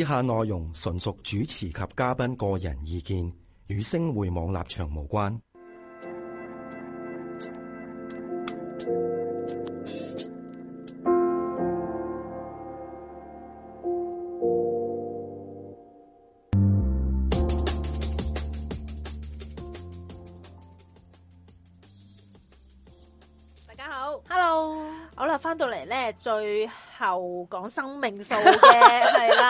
以下內容純屬主持及嘉賓個人意見，與星匯網立場無關。大家好，Hello，好啦，翻到嚟呢，最後講生命數嘅係啦。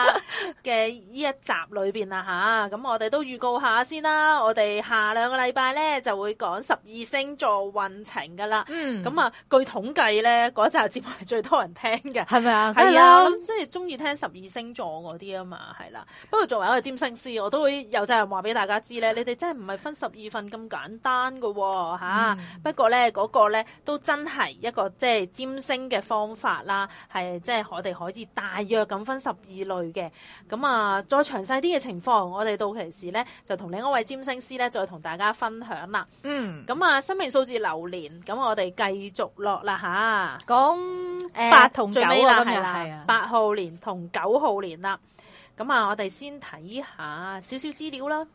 嘅呢一集裏邊啊吓，咁我哋都預告下先啦。我哋下兩個禮拜咧就會講十二星座運程噶啦。嗯，咁啊，據統計咧，嗰集節目係最多人聽嘅，係咪啊？係啊的，即係中意聽十二星座嗰啲啊嘛，係啦。不過作為一個占星師，我都會有責任話俾大家知咧，你哋真係唔係分十二份咁簡單噶吓、啊。嗯、不過咧嗰、那個咧都真係一個即係占星嘅方法啦，係即係我哋可以大約咁分十二類嘅。咁啊，再詳細啲嘅情況，我哋到期時咧就同另一位占星師咧再同大家分享啦。嗯，咁啊，生命數字流年，咁我哋繼續落啦吓。講八同九啦，係啦，八號年同九號年啦。咁啊，我哋先睇下少少資料啦。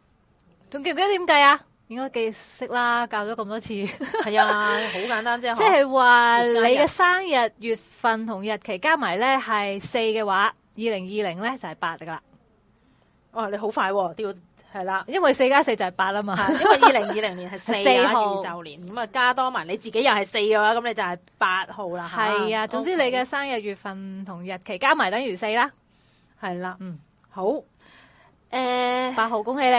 仲記唔記得點計啊？應該記識啦，教咗咁多次，係 啊，好簡單啫。即係話你嘅生日月份同日期加埋咧係四嘅話。二零二零咧就係八噶啦，你哦你好快調係啦，因為四加四就係八啦嘛， 因為二零二零年係四號宇宙年，咁啊加多埋你自己又係四嘅話，咁你就係八號啦，係啊，啊 okay 總之你嘅生日月份同日期加埋等於四啦，係啦，嗯好，誒八、呃、號恭喜你，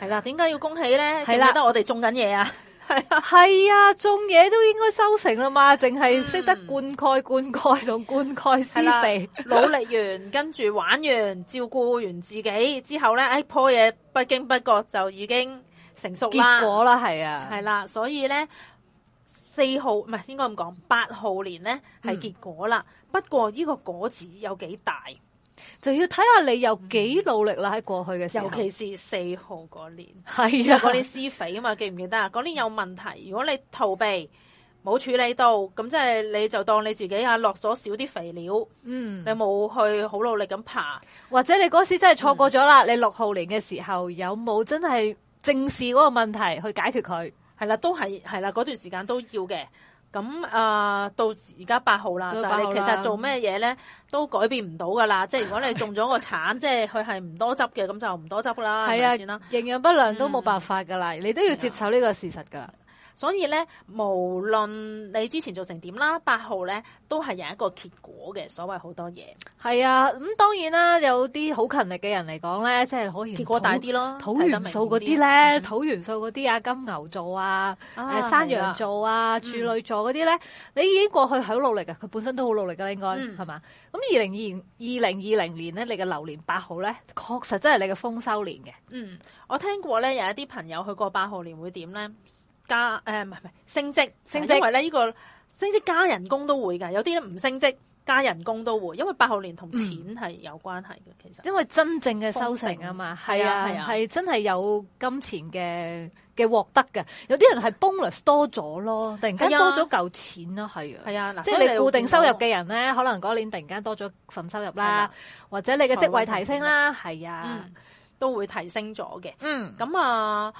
係啦了，點解要恭喜咧？係啦了，覺得我哋中緊嘢啊！係啊，係啊，種嘢都應該收成啊嘛，淨係識得灌溉、灌溉同灌溉施肥、嗯啊，努力完 跟住玩完照顧完自己之後咧，哎，棵嘢不經不覺就已經成熟了結果啦，係啊，係啦、啊，所以咧四號唔係應該咁講，八號年咧係結果啦，嗯、不過呢個果子有幾大。就要睇下你有幾努力啦喺過去嘅時候，嗯，尤其是四號嗰年係啊，嗰年施肥啊嘛，記唔記得啊？嗰年有問題，如果你逃避冇處理到，咁即係你就當你自己啊落咗少啲肥料，嗯，你冇去好努力咁爬，或者你嗰時真係錯過咗啦。嗯，你六號年嘅時候有冇真係正視嗰個問題去解決佢？係啦，啊，都係係啦，嗰，啊，段時間都要嘅。咁啊、呃，到而家八號啦，就你其實做咩嘢咧，都改變唔到噶啦。嗯、即係如果你種咗個橙， 即係佢係唔多汁嘅，咁就唔多汁啦。係啊，是是營養不良都冇辦法噶啦，嗯、你都要接受呢個事實噶。所以咧，無論你之前做成點啦，八號咧都係有一個結果嘅。所謂好多嘢，係啊，咁、嗯、當然啦，有啲好勤力嘅人嚟講咧，即係可以結果大啲咯。土元素嗰啲咧，土元素嗰啲啊，嗯、金牛座啊，啊山羊座啊，啊、處女座嗰啲咧，嗯、你已經過去好努力嘅，佢本身都好努力噶，應該係嘛？咁二零二二零二零年咧，你嘅流年八號咧，確實真係你嘅豐收年嘅。嗯，我聽過咧，有一啲朋友去過八號年會點咧？加誒，唔係唔係升職升職，因為咧呢個升職加人工都會噶，有啲人唔升職加人工都會，因為八號年同錢係有關係嘅，其實，因為真正嘅收成啊嘛，係啊係真係有金錢嘅嘅獲得嘅，有啲人係 bonus 多咗咯，突然間多咗嚿錢咯，係啊，係啊，即係你固定收入嘅人咧，可能嗰年突然間多咗份收入啦，或者你嘅職位提升啦，係啊，都會提升咗嘅，嗯，咁啊。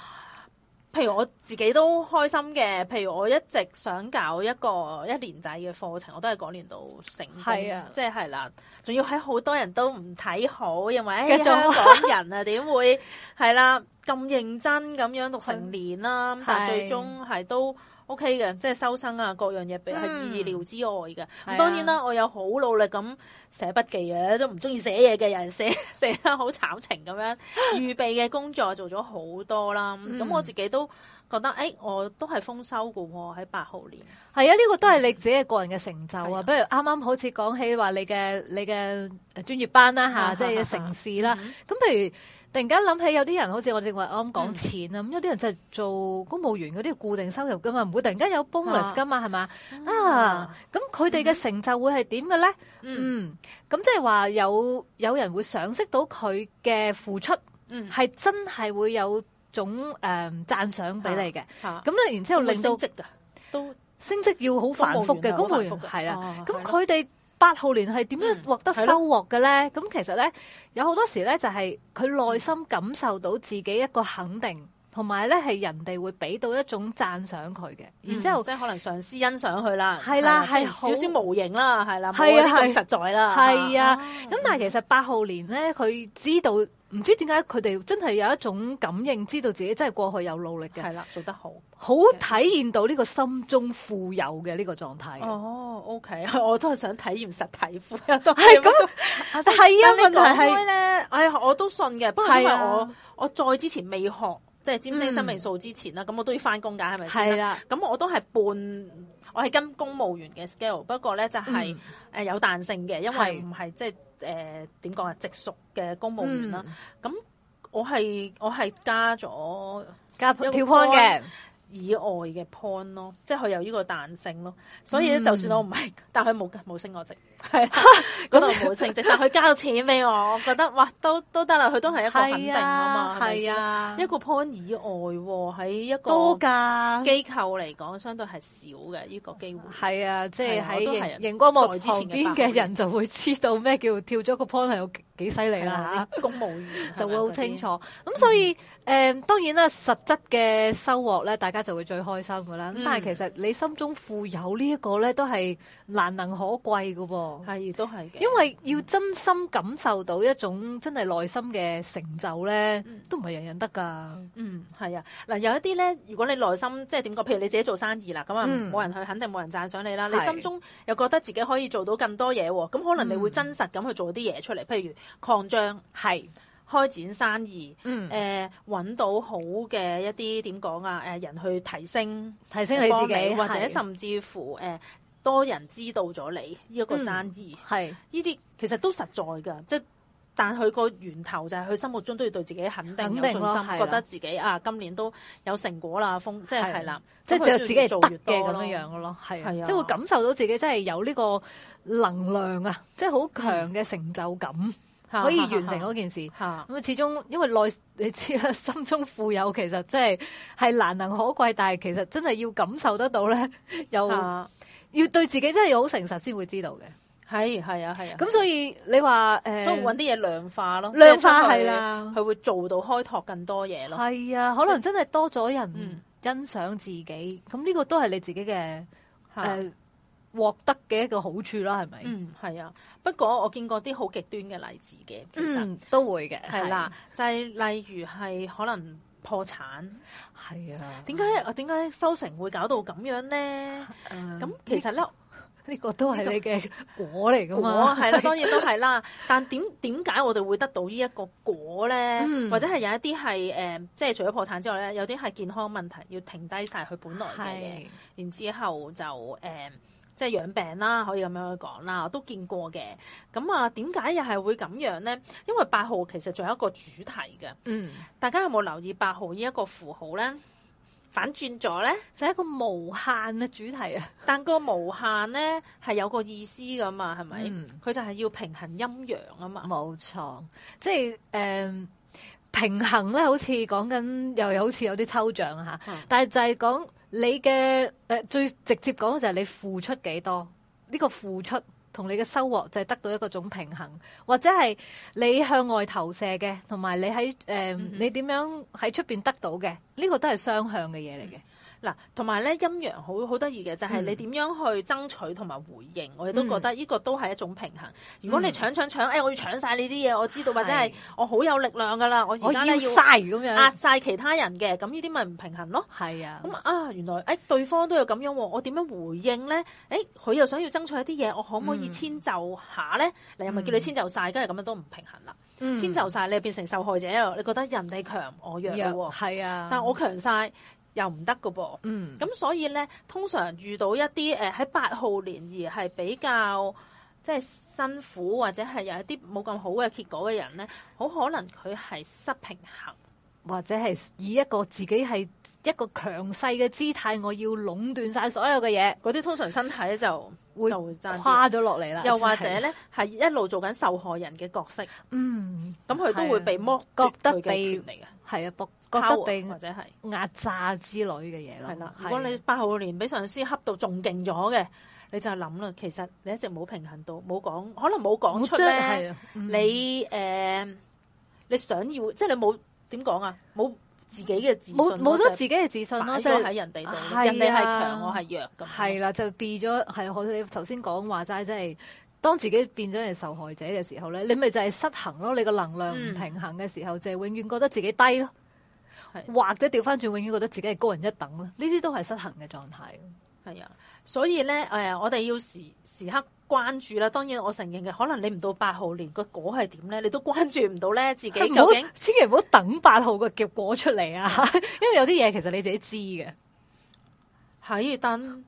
譬如我自己都開心嘅，譬如我一直想搞一個一年制嘅課程，我都係嗰年度成功，即係係啦，仲要喺好多人都唔睇好，因為一這種、哎、香港人 啊點會係啦咁認真咁樣讀成年啦、啊，是但係最終係都。O K 嘅，即係收成啊，各樣嘢係意料之外嘅。咁當然啦，啊、我有好努力咁寫筆記嘅，都唔中意寫嘢嘅人寫寫得好慘情咁樣。預備嘅工作做咗好多啦，咁、嗯、我自己都覺得誒、哎，我都係豐收嘅喎。喺八號年係啊，呢、這個都係你自己嘅個人嘅成就啊。不如啱啱好似講起話你嘅你嘅專業班啦吓，即係成事啦。咁、啊啊、譬如。突然間諗起有啲人好似我正話，我啱講錢啊，咁有啲人就係做公務員嗰啲固定收入噶嘛，唔會突然間有 bonus 噶嘛，係嘛？啊，咁佢哋嘅成就會係點嘅咧？嗯，咁即係話有有人會賞識到佢嘅付出，係真係會有種誒讚賞俾你嘅。咁咧，然之後令到升職都升職要好繁複嘅公務員係啊，咁佢哋。八號年係點樣獲得收穫嘅咧？咁、嗯、其實咧，有好多時咧就係佢內心感受到自己一個肯定，同埋咧係人哋會俾到一種讚賞佢嘅。然之後、嗯、即係可能上司欣賞佢啦，係啦，係少少無形啦，係啦很，冇咁的實在啦，係啊。咁但係其實八號年咧，佢知道。唔知點解佢哋真係有一種感應，知道自己真係過去有努力嘅，係啦做得好，好體現到呢個心中富有嘅呢個狀態。哦、oh，OK，我都係想體驗實體富有都係咁，係啊。問題係咧，哎我都信嘅，不過係因為我的我再之前未學即係占星生命數之前啦，咁我都要翻工噶，係咪係係啦，咁我都係半。我係跟公務員嘅 scale，不過咧就係誒有彈性嘅，嗯、因為唔係即係誒點講啊，直屬嘅公務員啦。咁、嗯、我係我係加咗加跳框嘅。以外嘅 point 咯，即係佢有呢個彈性咯，所以咧就算我唔係，但佢冇冇升過值，係度冇升值，但佢加咗錢俾我，我覺得哇都都得啦，佢都係一個肯定啊嘛，係啊，一個 point 以外喎，喺一個多噶機構嚟講相對係少嘅呢個機會，係啊，即係喺熒光幕旁邊嘅人就會知道咩叫跳咗個 point 係有幾犀利啦嚇，公務員就會好清楚。咁所以誒當然啦，實質嘅收穫咧，大家就會最開心噶啦，但係其實你心中富有呢一個咧，都係難能可貴嘅喎。係、嗯，都係嘅。因為要真心感受到一種真係內心嘅成就咧，嗯、都唔係人人得噶。嗯，係啊。嗱，有一啲咧，如果你內心即係點講，譬如你自己做生意啦，咁啊冇人去，嗯、肯定冇人讚賞你啦。是你心中又覺得自己可以做到更多嘢，咁可能你會真實咁去做啲嘢出嚟，譬如擴張，係。開展生意，誒揾到好嘅一啲點講啊，誒人去提升，提升你自己，或者甚至乎誒多人知道咗你呢一個生意，係呢啲其實都實在噶，即係但佢個源頭就係佢心目中都要對自己肯定，有信心，覺得自己啊今年都有成果啦，風即係係啦，即係自己做越多咁樣樣嘅咯，係，即係會感受到自己真係有呢個能量啊，即係好強嘅成就感。 可以完成嗰件事，咁啊 始終因為內，你知啦，心中富有其實真係係難能可貴，但係其實真係要感受得到咧，又 要對自己真係好誠實先會知道嘅。係係啊係啊，咁 所以你話誒，所以搵啲嘢量化咯，量化係啦，佢會，是、啊、會做到開拓更多嘢咯。係啊，可能真係多咗人欣賞自己，咁呢、嗯嗯、個都係你自己嘅誒。呃 獲得嘅一個好處啦，係咪？嗯，係啊。不過我見過啲好極端嘅例子嘅，其實都會嘅。係啦，就係例如係可能破產，係啊。點解啊？點解收成會搞到咁樣咧？咁其實咧，呢個都係你嘅果嚟㗎嘛。果係啦，當然都係啦。但點點解我哋會得到呢一個果咧？或者係有一啲係誒，即係除咗破產之外咧，有啲係健康問題要停低晒佢本來嘅嘢，然之後就誒。即係養病啦，可以咁樣去講啦，我都見過嘅。咁啊，點解又係會咁樣咧？因為八號其實仲有一個主題嘅。嗯，大家有冇留意八號呢一個符號咧？反轉咗咧，就係一個無限嘅主題啊！但個無限咧係有個意思噶嘛，係咪？佢、嗯、就係要平衡陰陽啊嘛。冇錯，即係誒、呃、平衡咧，好似講緊，又好似有好似有啲抽象嚇。嗯、但係就係講。你嘅誒、呃、最直接講嘅就係你付出幾多，呢個付出同你嘅收穫就係得到一個種平衡，或者係你向外投射嘅，同埋你喺誒、呃、你點樣喺出邊得到嘅，呢個都係雙向嘅嘢嚟嘅。嗱，同埋咧，陰陽好好得意嘅就係、是、你點樣去爭取同埋回應，嗯、我哋都覺得呢個都係一種平衡。嗯、如果你搶搶搶，誒、哎，我要搶晒呢啲嘢，我知道，是或者係我好有力量噶啦，我而家咧要壓晒其他人嘅，咁呢啲咪唔平衡咯？係啊，咁啊，原來誒、哎、對方都有咁樣喎，我點樣回應咧？誒、哎，佢又想要爭取一啲嘢，我可唔可以遷就下咧？嗯、你又咪叫你遷就晒？梗係咁樣都唔平衡啦。嗯、遷就晒你就變成受害者，你覺得人哋強我弱咯喎？係啊，但我強晒。又唔得㗎噃，咁所以咧，通常遇到一啲誒喺八號年而係比較即係、就是、辛苦或者係有一啲冇咁好嘅結果嘅人咧，好可能佢係失平衡，或者係以一個自己係一個強勢嘅姿態，我要壟斷晒所有嘅嘢，嗰啲通常身體就會垮咗落嚟啦。又或者咧，係一路做緊受害人嘅角色。嗯，咁佢都會被剝，覺得佢嘅權利係啊，剝，或者係壓榨之類嘅嘢咯。係啦，如果你八號年俾上司恰到仲勁咗嘅，你就諗啦，其實你一直冇平衡到，冇講，可能冇講出咧。係啊，你誒，你想要，即係你冇點講啊，冇。自己嘅自信冇冇咗自己嘅自信咯，即係喺人哋度，就是、人哋係強，啊、我係弱咁。係啦、啊，就變咗係好似。你頭先講話齋，即、就、係、是、當自己變咗係受害者嘅時候咧，你咪就係失衡咯。你個能量唔平衡嘅時候，就係、嗯、永遠覺得自己低咯，啊、或者調翻轉，永遠覺得自己係高人一等咯。呢啲都係失衡嘅狀態。係啊。所以咧，誒、呃，我哋要時、時刻關注啦。當然，我承認嘅，可能你唔到八號年，連個果係點咧，你都關注唔到咧。自己是究竟千祈唔好等八號個結果出嚟啊！因為有啲嘢其實你自己知嘅。係，但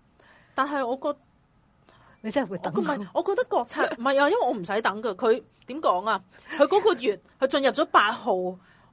但係我覺得你真係會等我，我覺得國策唔係 啊，因為我唔使等㗎。佢點講啊？佢嗰個月佢 進入咗八號。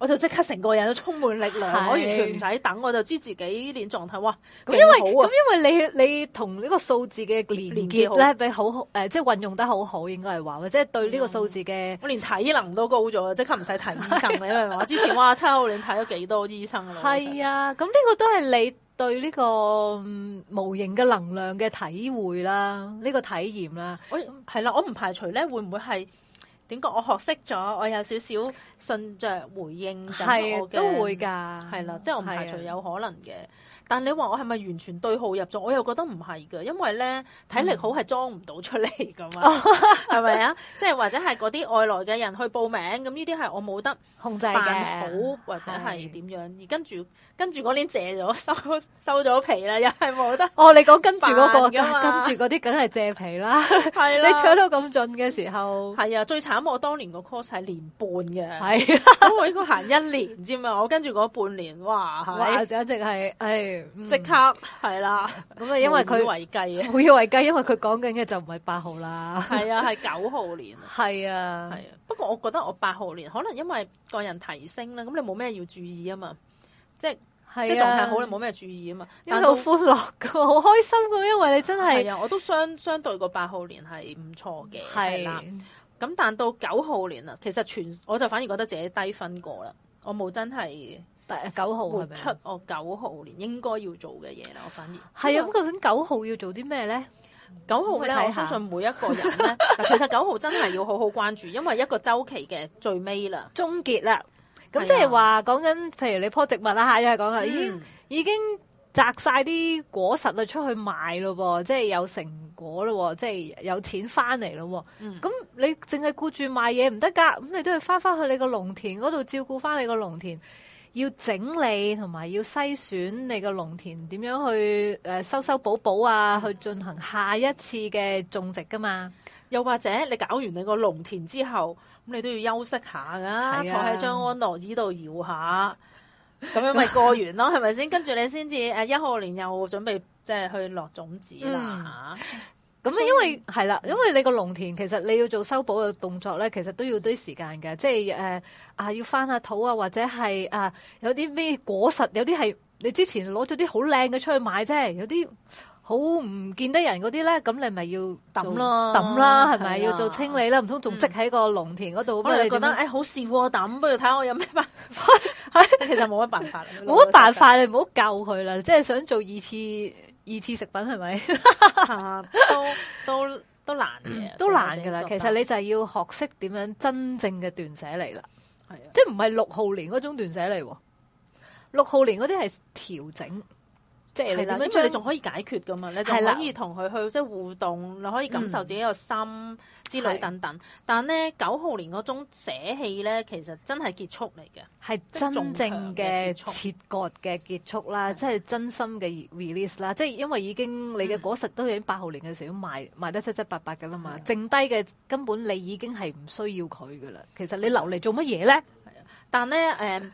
我就即刻成個人都充滿力量，的我完全唔使等，我就知自己呢年狀態，哇咁，因為咁、啊、因為你你同呢個數字嘅連連結咧，你好好誒，即係運用得好好，應該係話，即係對呢個數字嘅、嗯、我連體能都高咗，即刻唔使睇醫生嘅，係 我之前哇，七號年睇咗幾多醫生啊！係啊，咁呢個都係你對呢個無形嘅能量嘅體會啦，呢、嗯、個體驗啦，我係啦，我唔排除咧，會唔會係？點講？我學識咗，我有少少信着回應緊我係都會㗎，係啦，即係我唔排除有可能嘅。但你話我係咪完全對號入座？我又覺得唔係嘅，因為咧體力好係裝唔到出嚟㗎嘛，係咪啊？即係或者係嗰啲外來嘅人去報名，咁呢啲係我冇得控制嘅，好或者係點樣？而跟住跟住嗰年借咗收收咗皮啦，又係冇得。哦，你講跟住嗰個嘅，跟住嗰啲梗係借皮啦。係，你搶到咁盡嘅時候，係啊，最慘。咁我當年個 course 係年半嘅，咁我應該行一年啫嘛，我跟住嗰半年，哇，係就一直係，誒即刻係啦。咁啊，因為佢為繼，冇以為繼，因為佢講緊嘅就唔係八號啦，係啊，係九號年，係啊，係。不過我覺得我八號年可能因為個人提升啦，咁你冇咩要注意啊嘛，即係即係仲係好啦，你冇咩注意啊嘛。因為好歡樂噶，好開心噶，因為你真係，我都相相對個八號年係唔錯嘅，係啦。咁但到九號年啦，其實全我就反而覺得自己低分過啦，我冇真係。九號咪出我九號年應該要做嘅嘢啦？我反而係啊，咁究竟九號要做啲咩咧？九號咧，看看我相信每一個人咧， 其實九號真係要好好關注，因為一個周期嘅最尾啦，終結啦。咁即係話講緊，譬如你棵植物啦，又係講下，已已經。摘晒啲果實啊，出去賣咯喎，即係有成果咯，即係有錢翻嚟咯喎。咁、嗯、你淨係顧住賣嘢唔得㗎，咁你都要翻返去你個農田嗰度照顧翻你個農田，要整理同埋要篩選你個農田點樣去、呃、收修修補補啊，嗯、去進行下一次嘅種植㗎嘛。又或者你搞完你個農田之後，咁你都要休息下㗎、啊，啊、坐喺張安樂椅度搖下。咁 樣咪過完咯，係咪先？跟住你先至誒，一號年又準備即係去落種子啦吓。咁啊、嗯，因為係啦以，因為你個農田其實你要做修補嘅動作咧，其實都要堆時間嘅。即係誒、呃、啊，要翻下、啊、土啊，或者係啊，有啲咩果實，有啲係你之前攞咗啲好靚嘅出去買啫，有啲。好唔見得人嗰啲咧，咁你咪要抌咯，抌啦，係咪要做清理啦？唔通仲積喺個農田嗰度咩？你覺得誒好事喎，抌不如睇下我有咩辦法？其實冇乜辦法，冇乜辦法，你唔好救佢啦，即係想做二次二次食品係咪？都都都難嘅，都難噶啦。其實你就係要學識點樣真正嘅斷捨離啦。即係唔係六號年嗰種斷捨離喎。六號年嗰啲係調整。係啦，跟住你仲可以解決噶嘛？你仲可以同佢去即係互動，你可以感受自己個心之類等等。但係咧九號年嗰種捨棄咧，其實真係結束嚟嘅，係真正嘅切割嘅結束啦，即係真心嘅 release 啦。即係因為已經你嘅果實都已經八號年嘅時候賣賣得七七八八嘅啦嘛，剩低嘅根本你已經係唔需要佢嘅啦。其實你留嚟做乜嘢咧？但係咧誒，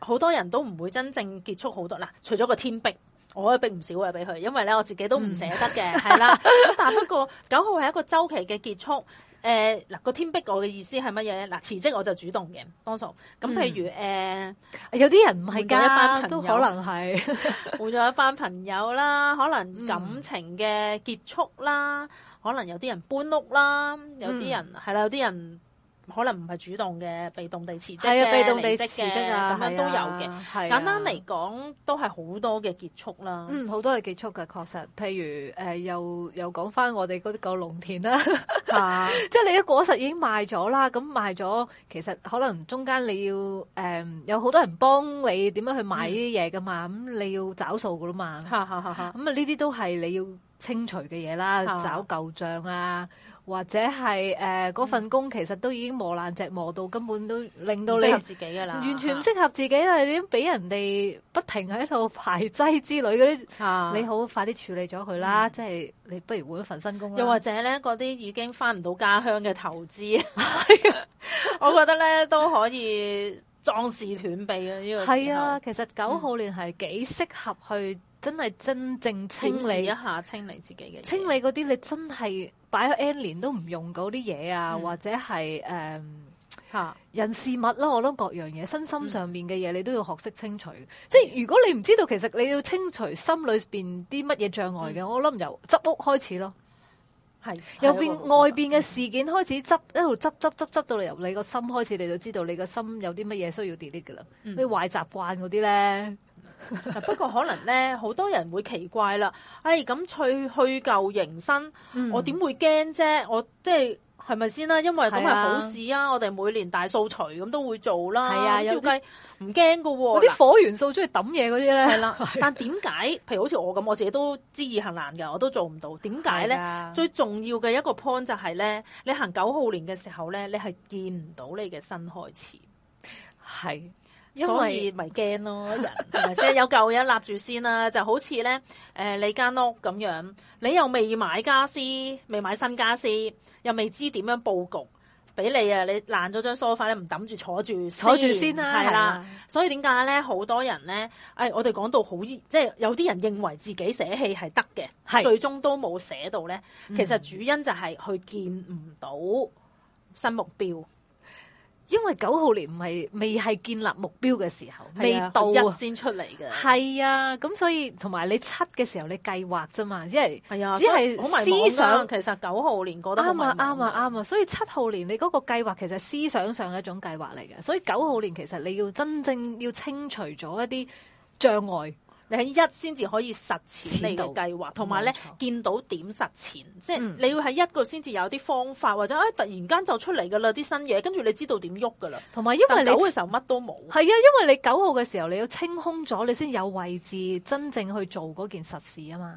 好多人都唔會真正結束好多嗱，除咗個天壁。我都逼唔少嘅俾佢，因為咧我自己都唔捨得嘅，係啦。咁但係不過九號係一個周期嘅結束。誒、呃、嗱，那個天逼我嘅意思係乜嘢？嗱，辭職我就主動嘅，當數。咁譬如誒，嗯呃、有啲人唔係噶，都可能係換咗一班朋友啦， 可能感情嘅結束啦，嗯、可能有啲人搬屋啦，有啲人係啦、嗯，有啲人。可能唔係主動嘅，被動地辭職係啊，被動地辭職啊，咁樣都有嘅。啊啊、簡單嚟講，都係好多嘅結束啦。嗯，好多嘅結束嘅確實。譬如誒、呃，又又講翻我哋嗰啲舊農田啦，即係、 啊、你啲果實已經賣咗啦，咁賣咗，其實可能中間你要誒、呃、有好多人幫你點樣去買呢啲嘢噶嘛，咁、嗯、你要找數噶啦嘛。咁啊，呢、啊、啲、啊嗯、都係你要清除嘅嘢啦，啊、找舊賬啊。或者係誒、嗰份工其實都已經磨爛只磨到根本都令到你自己完全唔適合自己啦，你俾、啊、人哋不停喺度排擠之類嗰啲，啊、你好快啲處理咗佢啦，即係、嗯、你不如換一份新工啦。又或者咧，嗰啲已經翻唔到家鄉嘅投資，啊、 我覺得咧都可以壯士斷臂啊！呢、這個係啊，其實九號年係幾適合去。真係真正清理一下，清理自己嘅清理嗰啲，你真係擺咗 N 年都唔用嗰啲嘢啊，或者係誒吓人事物咯、啊，我諗各樣嘢，身心上面嘅嘢你都要學識清除。即係如果你唔知道，其實你要清除心裏邊啲乜嘢障礙嘅，我諗由執屋開始咯，係由邊外邊嘅事件開始執，一路執執執執到你由你個心開始，你就知道你個心有啲乜嘢需要 delete 噶啦，啲壞習慣嗰啲咧。 不過可能咧，好多人會奇怪啦。哎，咁去去舊迎新，我點會驚啫？我即係係咪先啦、啊？因為咁係好事啊！啊我哋每年大掃除咁都會做啦。係啊，有照計唔驚噶。嗰啲火元素出去抌嘢嗰啲咧。係啦了。啊、但點解？譬如好似我咁，我自己都知易行難嘅，我都做唔到。點解咧？啊、最重要嘅一個 point 就係咧，你行九號年嘅時候咧，你係見唔到你嘅新開始。係。因為所以咪驚咯，係咪先有舊嘢立住先啦、啊？就好似咧，誒、呃、你間屋咁樣，你又未買家私，未買新家私，又未知點樣佈局俾你啊！你爛咗張梳化，你唔揼住坐住，坐住先啦，係啦。所以點解咧，好多人咧，誒、哎、我哋講到好，即、就、係、是、有啲人認為自己捨棄係得嘅，是最終都冇捨到咧。嗯、其實主因就係佢見唔到新目標。因為九號年唔係未係建立目標嘅時候，啊、未到一先出嚟嘅。係啊，咁所以同埋你七嘅時候，你計劃啫嘛，只係、啊、只係思想。其實九號年過得啱啊，啱啊，啱啊。所以七號年你嗰個計劃其實係思想上嘅一種計劃嚟嘅。所以九號年其實你要真正要清除咗一啲障礙。你喺一先至可以實踐你嘅計劃，同埋咧見到點實踐，即係你要喺一個先至有啲方法，嗯、或者啊、哎、突然間就出嚟噶啦啲新嘢，跟住你知道點喐噶啦。同埋因為你九嘅時候乜都冇，係啊，因為你九號嘅時候你要清空咗，你先有位置真正去做嗰件實事啊嘛。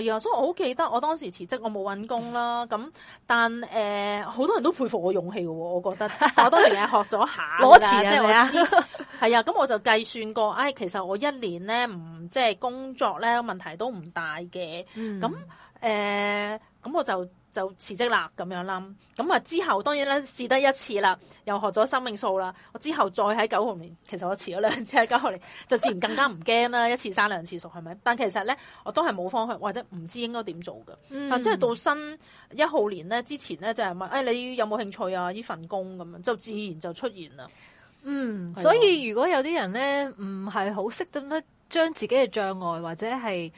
係啊，所以我好記得，我當時辭職我沒，我冇搵工啦。咁但誒，好、呃、多人都佩服我勇氣嘅喎，我覺得。我都成日學咗下攞錢， 啊、即我知。係啊， 咁我就計算過，唉、哎，其實我一年呢唔即係工作呢問題都唔大嘅。咁誒、嗯，咁、呃、我就。就辭職啦咁樣啦，咁啊之後當然咧試得一次啦，又學咗生命數啦。我之後再喺九號年，其實我辭咗兩次喺 九號年，就自然更加唔驚啦。 一次生兩次熟係咪？但其實咧，我都係冇方向或者唔知應該點做噶。嗯、但即係到新一號年咧之前咧，就係、是、問誒、哎、你有冇興趣啊呢份工咁樣，就自然就出現啦。嗯，吧所以如果有啲人咧唔係好識得將自己嘅障礙或者係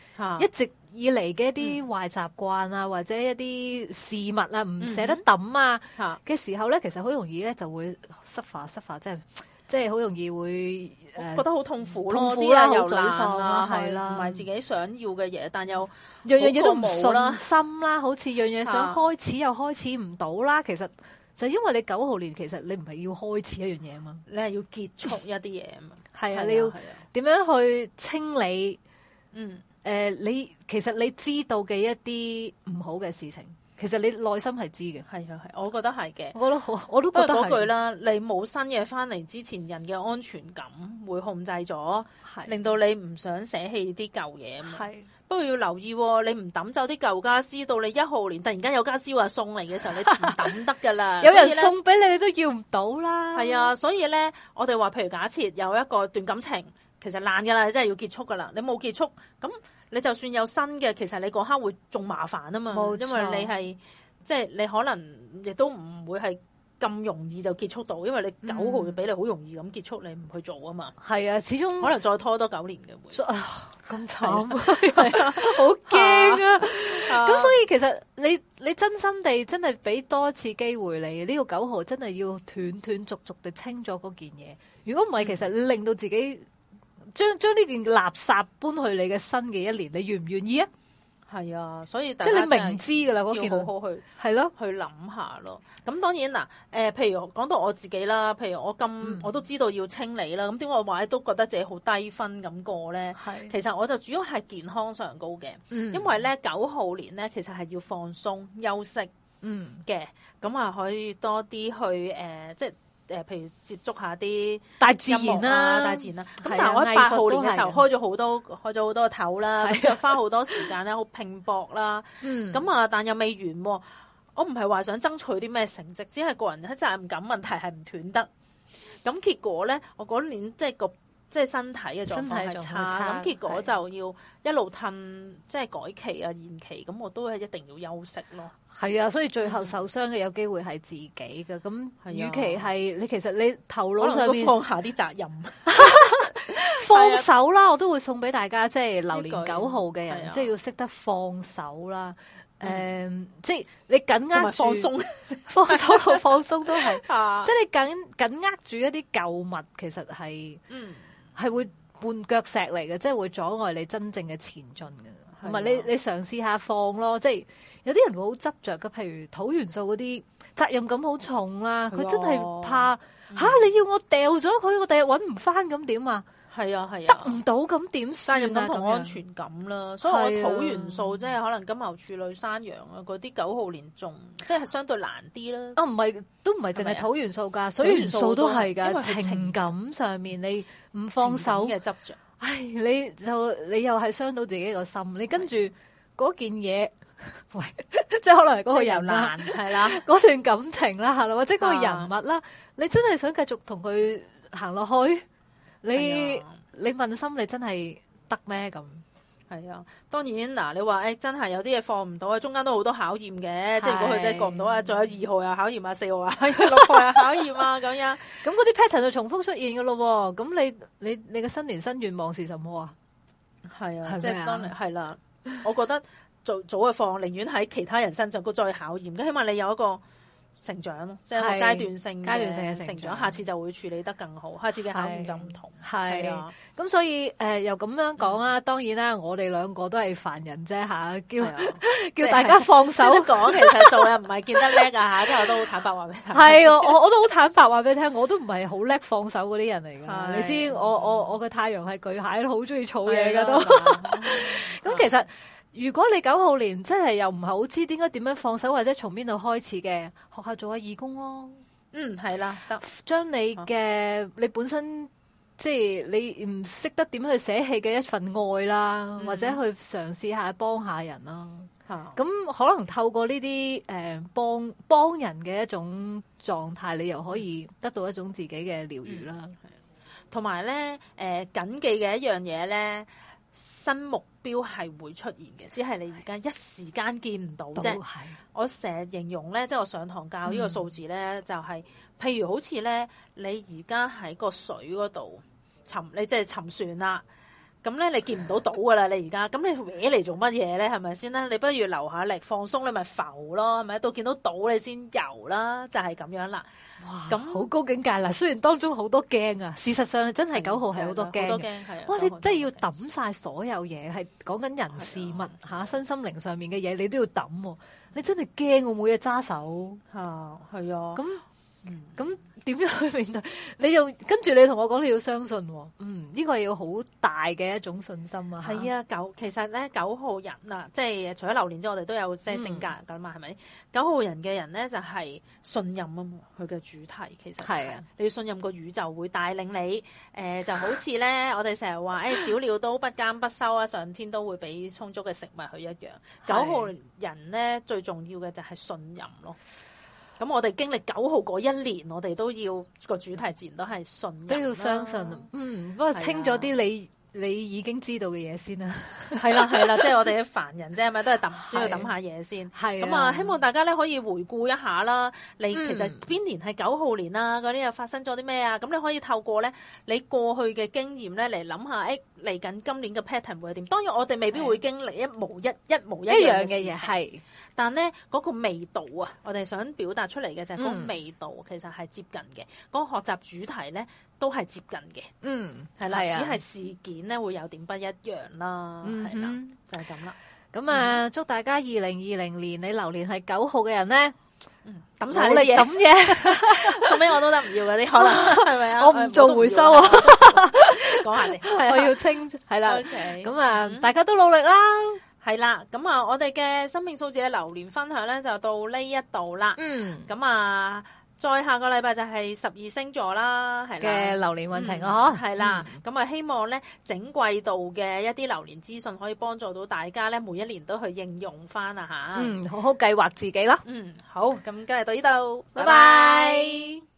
一直、啊。以嚟嘅一啲壞習慣啊，或者一啲事物啊，唔捨得抌啊嘅時候咧，其實好容易咧就會 suffer、suffer，即係即係好容易會覺得好痛苦，痛苦啊，啲嘢又爛啊，係啦，同埋自己想要嘅嘢，但又樣樣嘢都冇信心啦，好似樣嘢想開始又開始唔到啦。其實就因為你九號年，其實你唔係要開始一樣嘢啊嘛，你係要結束一啲嘢啊嘛，係啊，你要點樣去清理？嗯。誒、呃，你其實你知道嘅一啲唔好嘅事情，其實你內心係知嘅。係啊，係，我覺得係嘅。我都好，我都覺得嗰句啦。你冇新嘢翻嚟之前，人嘅安全感會控制咗，的令到你唔想捨棄啲舊嘢。係的，不過要留意、哦，你唔抌走啲舊家私，到你一號年突然間有家私話送嚟嘅時候， 你唔抌得噶啦。有人送俾你，以你都要唔到啦。係啊，所以咧，我哋話，譬如假設有一個段感情。其實爛嘅啦，你真係要結束噶啦。你冇結束，咁你就算有新嘅，其實你嗰刻會仲麻煩啊嘛。冇錯，因為你係即係你可能亦都唔會係咁容易就結束到，因為你九號就俾你好容易咁結束，嗯、你唔去做啊嘛。係啊，始終可能再拖多九年嘅。咁慘好驚啊！咁、啊啊啊、所以其實你你真心地真係俾多次機會你，呢、這個九號真係要斷斷續續地清咗嗰件嘢。如果唔係，其實令到自己、嗯。將將呢件垃圾搬去你嘅新嘅一年，你願唔願意啊？係啊，所以即係你明知噶啦，嗰件要好好去係咯，啊、去諗下咯。咁當然嗱、啊、誒、呃，譬如講到我自己啦，譬如我今、嗯、我都知道要清理啦，咁點解我話都覺得自己好低分咁過咧？係是，其實我就主要係健康上高嘅，嗯、因為咧九號年咧，其實係要放鬆休息的，嗯嘅，咁啊可以多啲去誒、呃，即係。誒，譬如接觸下啲、啊、大自然啦、啊，大自然啦、啊。咁但係我喺八號年嘅時候開咗好多，開咗好多頭啦，又、啊、花好多時間啦，好 拼搏啦。咁啊、嗯，但又未完喎。我唔係話想爭取啲咩成績，只係個人喺責任感問題係唔斷得。咁結果咧，我嗰年即係、就是、個。即係身體嘅狀況身體差，咁差結果就要一路褪，是即係改期啊、延期，咁我都係一定要休息咯。係啊，所以最後受傷嘅有機會係自己嘅。咁，與其係你其實你頭腦上、啊、我放下啲責任， 放手啦， 啊、我都會送俾大家，即係流年九號嘅人，啊啊、即係要識得放手啦。誒、嗯嗯，即係你緊握放鬆，放, 放手到放鬆都係， 啊、即係你緊緊握住一啲舊物，其實係嗯。係會絆腳石嚟嘅，即係會阻礙你真正嘅前進嘅。同埋的你你嘗試下放咯，即係有啲人會好執着㗎。譬如土元素嗰啲責任感好重啦，佢的真係怕吓你要我掉咗佢，我第日搵唔翻咁點啊？係啊，係啊，得唔到咁點算啊？信任感同安全感啦，所以我土元素即係可能金牛、處女、山羊啦，嗰啲九號年仲即係相對難啲啦。啊唔係，都唔係淨係土元素噶，水元素都係噶。情感上面你唔放手嘅執着，唉，你就你又係傷到自己個心。你跟住嗰件嘢，即係可能嗰個人又難係啦，嗰段感情啦，係啦，或者嗰個人物啦，你真係想繼續同佢行落去。你、啊、你問心你真係得咩咁？係啊，當然嗱、啊，你話誒、欸、真係有啲嘢放唔到啊，中間都好多考驗嘅，即係如果佢真係過唔到啊，再、啊、有二號呀、啊、考驗啊，四號啊六號又考驗啊，咁、 啊、樣，咁嗰啲 pattern 就重複出現噶咯。咁你你你嘅新年新願望是什，是、啊、是什麼啊？係啊，即係當年係啦，我覺得做早嘅放，寧願喺其他人身上再考驗，咁起碼你有一個。成長咯，即係階段性，階段性嘅成長，下次就會處理得更好，下次嘅考驗就唔同。係，咁所以誒又咁樣講啦，當然啦，我哋兩個都係凡人啫吓，叫叫大家放手講，其實做人唔係見得叻㗎吓，因為我都好坦白話俾你聽。係我我都好坦白話俾你聽，我都唔係好叻放手嗰啲人嚟嘅，你知我我我嘅太陽係巨蟹，好中意儲嘢噶都。咁其實。如果你九號年真係又唔係好知點解點樣放手或者從邊度開始嘅，學校做下義工咯，哦。嗯，係啦，得將你嘅，啊、你本身即係你唔識得點去捨棄嘅一份愛啦，嗯，或者去嘗試一下幫下人啦。嚇、嗯，咁可能透過呢啲誒幫幫人嘅一種狀態，你又可以得到一種自己嘅療愈啦。同埋咧，誒，嗯、呃、緊記嘅一樣嘢咧。新目標係會出現嘅，只係你而家一時間見唔到啫。係嘅。我成日形容咧，即係我上堂教呢個數字咧，嗯，就係譬如好似咧，你而家喺個水嗰度沉，你即係沉船啦。咁咧，你見唔到島噶啦，你而家，咁你搲嚟做乜嘢咧？係咪先咧？你不如留下力，放鬆你咪浮咯，係咪？到見到島你先游啦，就係咁樣啦。哇！咁好高境界啦，雖然當中好多驚啊，事實上真係九號係好多驚，好多驚係。哇！你真係要揼晒所有嘢，係講緊人事物嚇、身心靈上面嘅嘢，你都要揼。你真係驚我冇嘢揸手嚇，係啊，咁。咁點、嗯、樣去面對？你又跟住你同我講，你要相信、哦，嗯，呢個要好大嘅一種信心啊！係啊，九其實咧九號人啊，即係除咗流年之外，我哋都有即係性格噶嘛，係咪、嗯？九號人嘅人咧就係、是、信任啊嘛，佢嘅主題其實係、就是、啊，你要信任個宇宙會帶領你，誒、呃、就好似咧 我哋成日話誒小鳥都不耕不收啊，上天都會俾充足嘅食物佢一樣。是九號人咧最重要嘅就係信任咯。咁我哋經歷九號嗰一年，我哋都要個主題自然都係信嘅，都要相信。嗯，的不過清咗啲你，你已經知道嘅嘢先啦，係啦係啦，即係我哋啲凡人啫，係咪都係揼，主要揼下嘢先。係咁啊，希望大家咧可以回顧一下啦。你其實邊年係九號年啦，啊，嗰啲又發生咗啲咩啊？咁你可以透過咧，你過去嘅經驗咧嚟諗下，誒嚟緊今年嘅 pattern 會係點？當然我哋未必會經歷一模一的一模一樣嘅嘢，係。但咧嗰個味道啊，我哋想表達出嚟嘅就係嗰個味道，其實係接近嘅。嗰、嗯、個學習主題咧。都係接近嘅，嗯，係啦，只係事件咧會有點不一樣啦，係啦，就係咁啦。咁啊，祝大家二零二零年你流年係九號嘅人咧，抌晒啲嘢，抌嘢，後尾我都得唔要嘅，你可能係咪啊？我唔做回收啊，講下你，我要清，係啦，咁啊，大家都努力啦，係啦，咁啊，我哋嘅生命數字嘅流年分享咧就到呢一度啦，嗯，咁啊。再下個禮拜就係十二星座啦，係嘅流年運程哦，係啦，嗯，咁啊，嗯嗯，希望咧整季度嘅一啲流年資訊，可以幫助到大家咧，每一年都去應用翻啊吓，嗯，好好計劃自己咯，嗯，好，咁好今日到呢度，拜拜。拜拜。